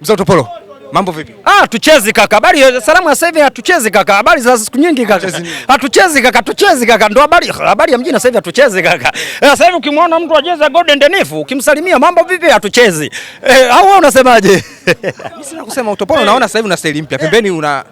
Mzee Utopolo, mambo vipi? Ah, tuchezi kaka. Habari ya salamu sasa hivi hatuchezi kaka. Habari za siku nyingi kaka. Hatuchezi kaka, tuchezi kaka. Ndio habari, habari ya mjini sasa hivi hatuchezi kaka. Eh, sasa hivi ukimwona mtu ajeza gold endenifu, ukimsalimia mambo vipi hatuchezi. Eh, au wewe unasemaje? Mimi sina kusema Utopolo, naona sasa hivi una staili mpya. Pembeni una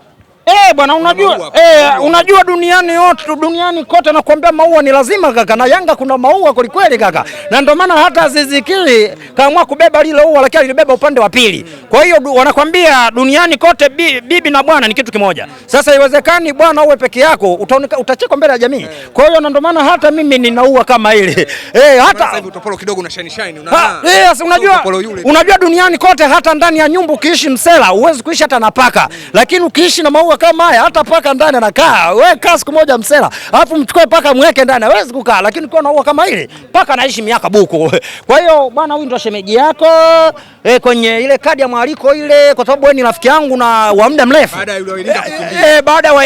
Eh, bwana unajua eh, unajua duniani yote duniani kote nakwambia maua ni lazima kaka, na Yanga kuna maua kwelikweli kaka, na ndio maana hata zizikili kaamua kubeba lile ua, lakini alibeba upande wa pili. Kwa hiyo wanakwambia duniani kote bi, bibi na bwana ni kitu kimoja. Sasa iwezekani bwana uwe peke yako, utachekwa mbele ya jamii. Eh. Kwa hiyo na ndio maana hata mimi ninaua kama ile eh, eh hata sasa hivi utopolo kidogo na shine shine, unaona yes, eh, unajua unajua duniani kote, hata ndani ya nyumba ukiishi msela, huwezi kuishi hata na paka, mm. lakini ukiishi na maua makubwa kama haya, hata paka ndani anakaa. We kaa siku moja msela, alafu mchukue paka mweke ndani, hawezi kukaa. Lakini ukiwa na ua kama ile, paka anaishi miaka buku. Kwa hiyo bwana, huyu ndo shemeji yako e, kwenye ile kadi ya mwaliko ile, kwa sababu wewe ni rafiki yangu na wa muda mrefu. Baada ya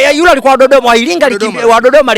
e, e, e, e, yule alikuwa Dodoma, Iringa, wa Dodoma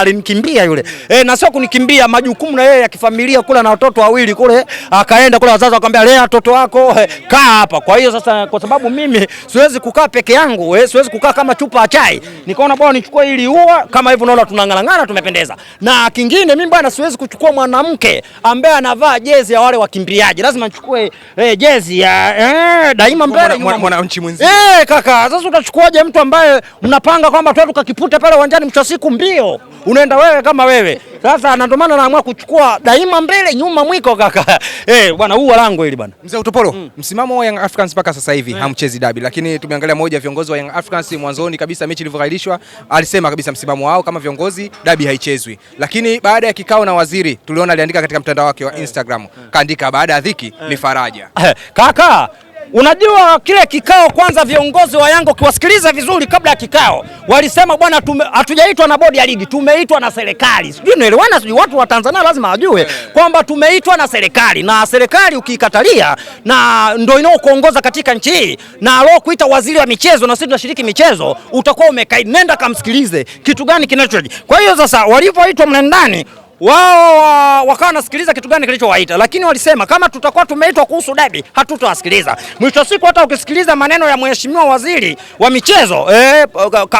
alinikimbia yule e, na sio kunikimbia, majukumu na yeye ya kifamilia kule na watoto wawili kule, akaenda kule, wazazi wakamwambia lea watoto wako, kaa hapa. Kwa hiyo sasa, kwa sababu mimi siwezi kukaa peke yangu, siwezi kukaa kama chupa ya chai. Nikaona bwana nichukue ili ua kama hivyo, naona tunang'alang'ana, tumependeza. Na kingine mimi bwana siwezi kuchukua mwanamke ambaye anavaa jezi ya wale wakimbiaji, lazima nichukue eh, jezi ya eh, daima mbele mwananchi mwenzi eh, kaka. Sasa utachukuaje mtu ambaye mnapanga kwamba tuwe tukakipute pale uwanjani mchasiku mbio unaenda wewe kama wewe sasa, na ndio maana naamua kuchukua daima mbele nyuma mwiko kaka. Eh, bwana huu lango hili bwana. Mzee Utopolo, mm. msimamo wa Young Africans mpaka sasa hivi yeah. hamchezi dabi, lakini tumeangalia mmoja wa viongozi wa Young Africans mwanzoni kabisa mechi ilivyoahirishwa, alisema kabisa msimamo wao kama viongozi dabi haichezwi. Lakini baada ya kikao na waziri tuliona aliandika katika mtandao wake wa eh. Instagram, eh. kaandika baada ya dhiki eh. ni faraja. Kaka Unajua kile kikao kwanza, viongozi wa Yanga ukiwasikiliza vizuri, kabla ya kikao walisema bwana, hatujaitwa na bodi ya ligi, tumeitwa na serikali. Sijui naelewana, sijui watu wa Tanzania lazima wajue eh. kwamba tumeitwa na serikali, na serikali ukiikatalia, na ndio inaokuongoza katika nchi hii, na alio kuita waziri wa michezo, na sisi tunashiriki michezo, utakuwa umekaa, Nenda kamsikilize kitu gani kinachoji. Kwa hiyo sasa, walipoitwa mle ndani wao wakawa nasikiliza kitu gani kilichowaita, lakini walisema kama tutakuwa tumeitwa kuhusu debi hatutawasikiliza. Mwisho siku hata ukisikiliza maneno ya mheshimiwa waziri wa michezo eh,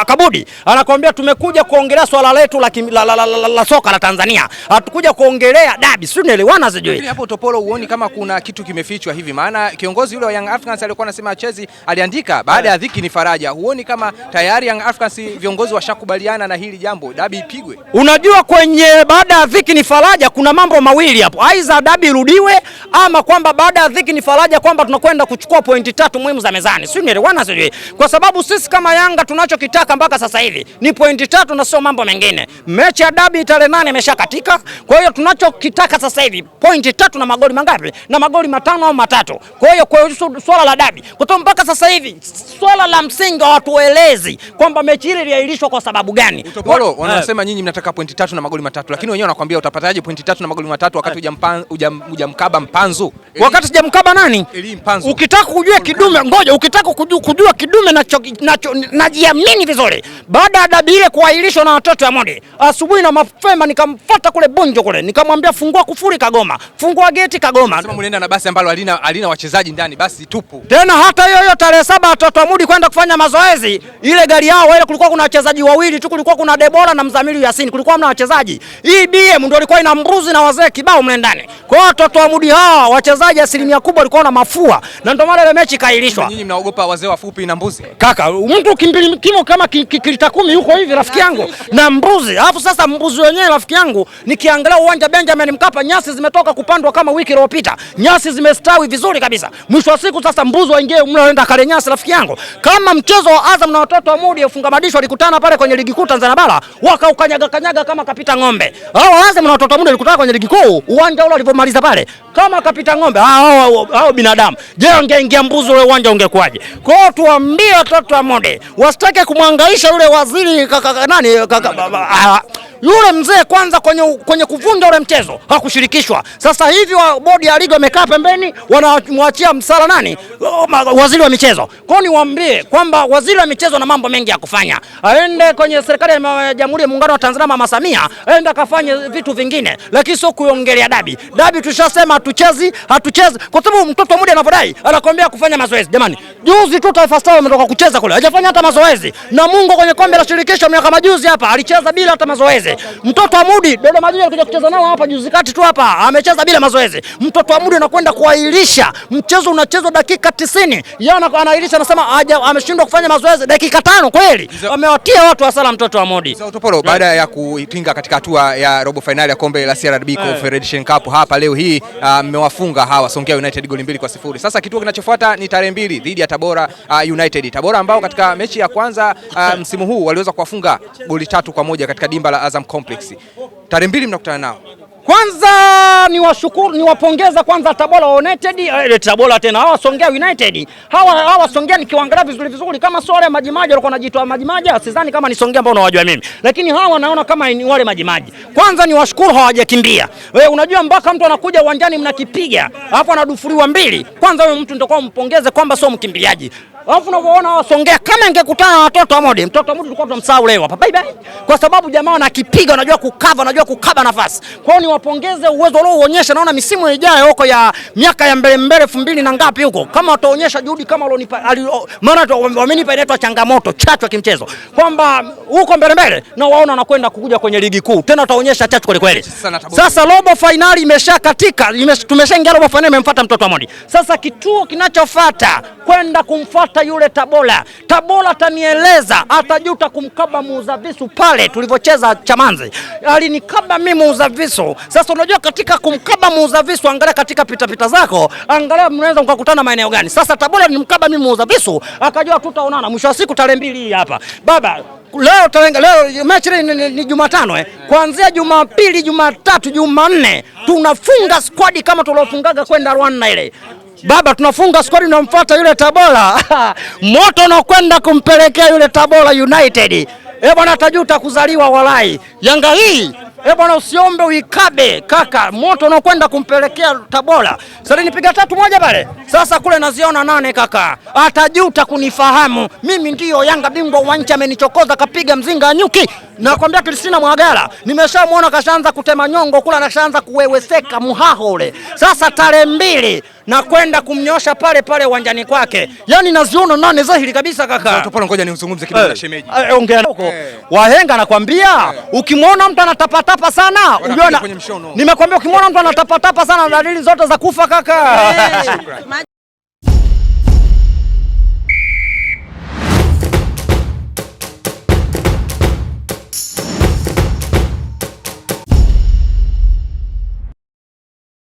Kabudi anakuambia tumekuja kuongelea swala letu la, la, la, la, la, la soka la Tanzania, hatukuja kuongelea dabi. Sio nielewana sijui hapo Topolo, uoni kama kuna kitu kimefichwa hivi? Maana kiongozi yule wa Young Africans alikuwa anasema achezi, aliandika baada ya dhiki ni faraja. Huoni kama tayari Young Africans viongozi washakubaliana na hili jambo, dabi ipigwe? Unajua kwenye baada ya dhiki ni faraja, kuna mambo mawili hapo, aidha adabu irudiwe, ama kwamba baada ya dhiki ni faraja, kwamba tunakwenda kuchukua pointi tatu muhimu za mezani, si nielewana? sio kwa sababu sisi kama Yanga tunachokitaka mpaka sasa hivi ni pointi tatu na sio mambo mengine. Mechi ya dabi tarehe nane imeshakatika, kwa hiyo tunachokitaka sasa hivi pointi tatu na magoli mangapi? Na magoli matano au matatu. Kwa hiyo kwa swala la dabi, kwa sababu mpaka sasa hivi swala la msingi hawatuelezi kwamba mechi ile iliahirishwa kwa sababu gani. Wanasema nyinyi mnataka pointi tatu na magoli matatu, lakini eh. wenyewe anakwambia utapataje pointi tatu na magoli matatu wakati hujamkaba Mpanzu, wakati sijamkaba nani? Ukitaka kujua kidume, ngoja, ukitaka kujua kidume najiamini vizuri, baada ya dabi ile kuahirishwa na watoto wa Modi, asubuhi na mapema nikamfuata kule Bunjo kule, nikamwambia fungua kufuri Kagoma, fungua geti Kagoma. Sema mlienda na basi ambalo alina, alina wachezaji ndani, basi tupu tena. Hata hiyo hiyo tarehe saba watoto wa Modi kwenda kufanya mazoezi, ile gari yao ile kulikuwa kuna wachezaji wawili tu, kulikuwa kuna Debora na Mzamili Yasini, kulikuwa mna wachezaji hii CCM ndio alikuwa ina mbuzi na wazee kibao mle ndani. Kwa hiyo watoto wa mudi hawa wachezaji asilimia kubwa walikuwa na mafua na ndio maana ile mechi kailishwa. Nyinyi mnaogopa wazee wafupi na mbuzi? Kaka, mtu kimbili kimo kama kilita kumi huko hivi rafiki yangu na mbuzi. Alafu sasa mbuzi wenyewe rafiki yangu nikiangalia uwanja Benjamin Mkapa nyasi zimetoka kupandwa kama wiki iliyopita. Nyasi zimestawi vizuri kabisa. Mwisho wa siku sasa mbuzi waingie mle waenda kale nyasi rafiki yangu. Kama mchezo wa Azam na watoto wa mudi ufungamadisho walikutana pale kwenye ligi kuu Tanzania bara wakakanyaga kanyaga kama kapita ng'ombe hao Azam na watoto muda nilikutana kwenye ligi kuu, uwanja ule walivyomaliza pale, kama kapita ng'ombe hao hao binadamu. Je, ungeingia mbuzi ule uwanja ungekuwaje? Kwa hiyo tuambie watoto wa Monde wasitake kumwangaisha yule waziri kaka nani kaka yule mzee kwanza kwenye, kwenye kuvunja ule mchezo hakushirikishwa. Sasa hivi wa bodi ya ligi wamekaa pembeni, wanamwachia msala nani? Oh, waziri wa michezo. Kwa hiyo niwaambie kwamba waziri wa michezo na mambo mengi ya kufanya, aende kwenye serikali ya Jamhuri ya Muungano wa Tanzania, Mama Samia, aende akafanye vitu vingine, lakini sio kuongelea dabi. Dabi tushasema hatuchezi, hatuchezi kwa sababu mtoto mmoja anavyodai anakuambia kufanya mazoezi. Jamani, juzi tu Taifa Stars wametoka kucheza kule, hajafanya hata mazoezi, na Mungu kwenye kombe la shirikisho miaka majuzi hapa alicheza bila hata mazoezi mazoezi. Mtoto wa Mudi Dodoma Jiji alikuja kucheza nao hapa juzi kati tu hapa, amecheza bila mazoezi. Mtoto wa Mudi anakwenda kuahirisha mchezo, unachezwa dakika 90, yeye anaahirisha, anasema ameshindwa kufanya mazoezi dakika tano. Kweli amewatia watu hasara mtoto wa Mudi. Utopolo baada ya kuipinga katika hatua ya robo fainali ya kombe la CRDB eh. Confederation Cup hapa leo hii ah, mmewafunga hawa Songea United goli mbili kwa sifuri. Sasa kituo kinachofuata ni tarehe mbili dhidi ya Tabora ah, United, Tabora ambao katika mechi ya kwanza ah, msimu huu waliweza kuwafunga goli tatu kwa moja katika dimba la Azam Azam Complex. Tarehe mbili mnakutana nao. Kwanza ni washukuru ni wapongeza kwanza Tabora United, eh, Tabora tena hawa Songea United. Hawa hawa Songea nikiwaangalia vizuri vizuri kama sio wale maji walikuwa wanajitoa maji maji, sidhani kama ni Songea ambao unawajua mimi. Lakini hawa naona kama ni wale maji maji. Kwanza ni washukuru hawajakimbia. Wewe eh, unajua mpaka mtu anakuja uwanjani mnakipiga, alafu anadufuriwa mbili. Kwanza wewe mtu ndio kwa mpongeze kwamba sio mkimbiaji. Alafu unavyoona wasongea kama ingekutana na watoto wa Modi, mtoto wa Modi tulikuwa tunamsahau leo hapa. Bye bye. Kwa sababu jamaa wanakipiga, wanajua kukava, wanajua kukaba nafasi. Kwa hiyo niwapongeze uwezo wao uonyesha, naona misimu ijayo huko ya miaka ya mbele mbele 2000 na ngapi huko. Kama wataonyesha juhudi kama walionipa maana wamenipa inaitwa changamoto chachu kimchezo. Kwamba huko mbele mbele na waona wanakwenda kukuja kwenye ligi kuu. Tena wataonyesha chachu kweli kweli. Sasa robo finali imeshakatika, tumeshaingia robo finali imemfuata mtoto wa Modi. Sasa kituo kinachofuata kwenda kumfuata hata yule Tabora. Tabora atanieleza, atajuta kumkaba muuza visu pale tulivyocheza Chamanzi, alinikaba mimi muuza visu. Sasa unajua katika kumkaba muuza visu, angalia katika pitapita pita zako, angalia mnaweza mkakutana maeneo gani. Sasa Tabora nimkaba mimi muuza visu, akajua tutaonana mwisho wa siku tarehe mbili hii hapa baba leo tarenga, leo mechi ni, ni Jumatano eh. eh. Kuanzia Jumapili, Jumatatu, Jumanne ah. tunafunga squad kama tuliofungaga kwenda Rwanda ile Baba, tunafunga squad unamfuata yule Tabora moto unakwenda kumpelekea yule Tabora United. Eh bwana, tajuta kuzaliwa walai. Yanga hii Eh bwana, usiombe uikabe kaka, moto unakwenda kumpelekea Tabora. Sasa nipiga tatu moja pale, sasa kule naziona nane kaka, atajuta kunifahamu mimi. Ndiyo Yanga bingwa wa nchi, amenichokoza kapiga mzinga nyuki. Nakwambia Kristina Mwagala nimeshamwona, kashaanza kutema nyongo kula, anashaanza kuweweseka muhaho ule. Sasa tarehe mbili na kwenda kumnyosha pale pale uwanjani kwake, yaani naziona nane dhahiri kabisa kaka. Ngoja nizungumze kidogo na eh, shemeji, eh, ongea huko. Eh. Wahenga nakwambia, ukimwona mtu anatapata anatapatapa sana, ukimwona mtu anatapatapa sana, dalili zote za kufa kaka.